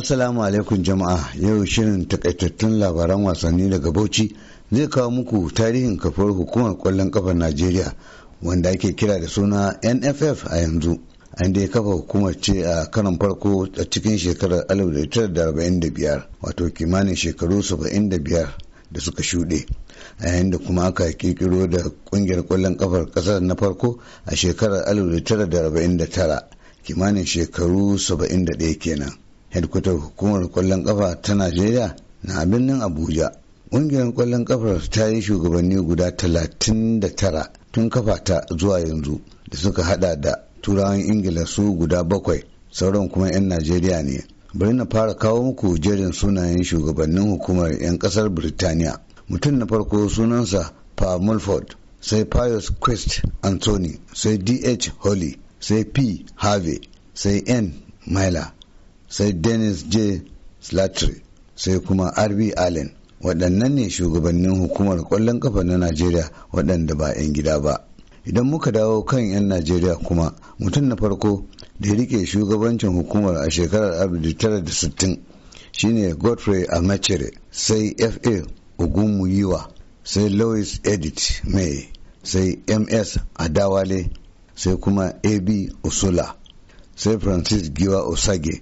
Assalamu alaikum jama'a yau shirin takaitattun labaran wasanni daga Bauchi zai kawo muku tarihin kafar hukumar kwallon kafar Najeriya wanda ake kira da suna NFF a yanzu. An dai kafa hukumar ce a karan farko a cikin shekarar 1945 wato kimanin shekaru 75 da suka shuɗe. a yayin da kuma aka kirkiro da kungiyar kwallon kafar kasar na farko a shekarar 1949 kimanin shekaru 71 kenan. hedkwatar hukumar kwallon kafa ta najeriya na birnin abuja ƙungiyar kwallon kafar ta yi shugabanni guda 39 tun kafa ta zuwa yanzu da suka hada da turawan ingila su guda bakwai sauran kuma 'yan najeriya ne bari na fara kawo muku jerin sunayen shugabannin hukumar 'yan kasar birtaniya mutum na farko sunansa pa mulford sai pius quest anthony sai dh holly sai p harvey sai n myler sai dennis j slattery sai kuma rb allen waɗannan ne shugabannin hukumar ƙwallon ƙafa na najeriya waɗanda ba 'yan gida ba idan muka dawo kan 'yan najeriya kuma mutum na farko da ya rike shugabancin hukumar a shekarar 1960 shine godfrey amachere sai fa ogunmuyiwa sai louis edith may sai ms adawale sai kuma ab usula sai francis giwa osage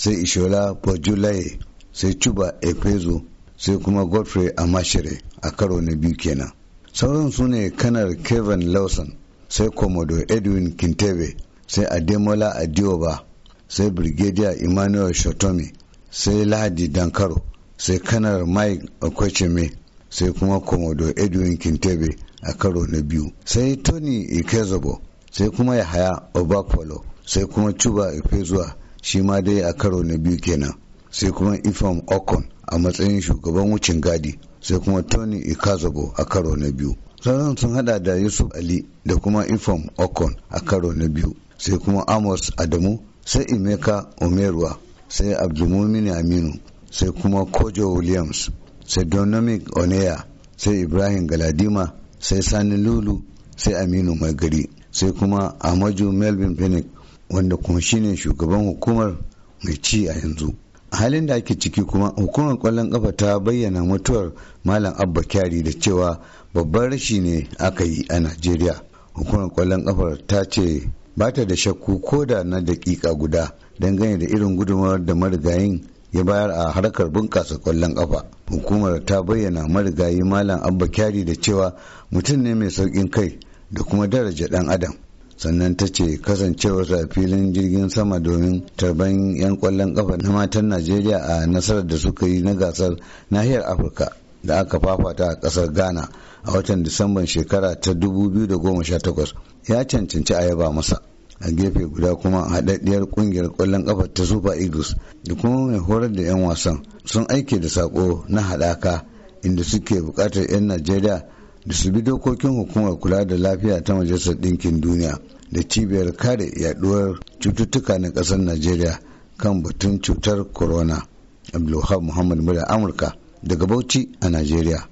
sai ishola bojulaye sai cuba efezo sai kuma godfrey mashire a karo na biyu kenan sauran su ne kanar kevin lawson sai komodo edwin kintebe sai ademola adioba sai brigadier emmanuel shotomi sai lahadi dankaro sai kanar mike okwecheme sai kuma komodo edwin kintebe a karo na biyu sai tony ikezobo sai kuma yahaya obakwalo sai kuma cuba ifezuwa shi ma dai a karo na biyu kenan sai kuma ifam okon a matsayin shugaban wucin gadi sai kuma tony ikazobo. a karo na biyu sauran sun hada da yusuf ali da kuma ifam okon a karo na biyu sai kuma amos adamu sai imeka omeruwa. sai abdulmumini aminu sai kuma kojo williams sai donomic oneya sai ibrahim galadima sai sani lulu sai aminu mai gari sai kuma amaju melvin phoenix wanda kuma shine shugaban hukumar mai ci a yanzu a halin da ake ciki kuma hukumar kwallon kafa ta bayyana mutuwar malam abba kyari da cewa babban rashi ne aka yi a najeriya hukumar kwallon kafar ta ce ba ta da shakku ko da na dakika guda dangane da irin gudunmawar da marigayin ya bayar a harkar bunƙasa kwallon kafa hukumar ta bayyana marigayi malam abba kyari da cewa mutum ne mai saukin kai da kuma daraja dan adam sannan ta ce a filin jirgin sama domin tarban 'yan kwallon kafa na matan najeriya a nasarar da suka yi na gasar nahiyar afirka da aka fafata a kasar ghana a watan disamban shekara ta 2018 ya cancanci ayaba masa a gefe guda kuma haɗaɗɗiyar ƙungiyar kwallon ƙafa ta super eagles da kuma mai horar da 'yan wasan sun aike da sako na haɗaka inda suke buƙatar 'yan najeriya da su bi dokokin hukumar kula da lafiya ta majalisar ɗinkin duniya da cibiyar kare yaduwar cututtuka na ƙasar najeriya kan batun cutar corona abdulwahab muhammad mura amurka daga bauchi a najeriya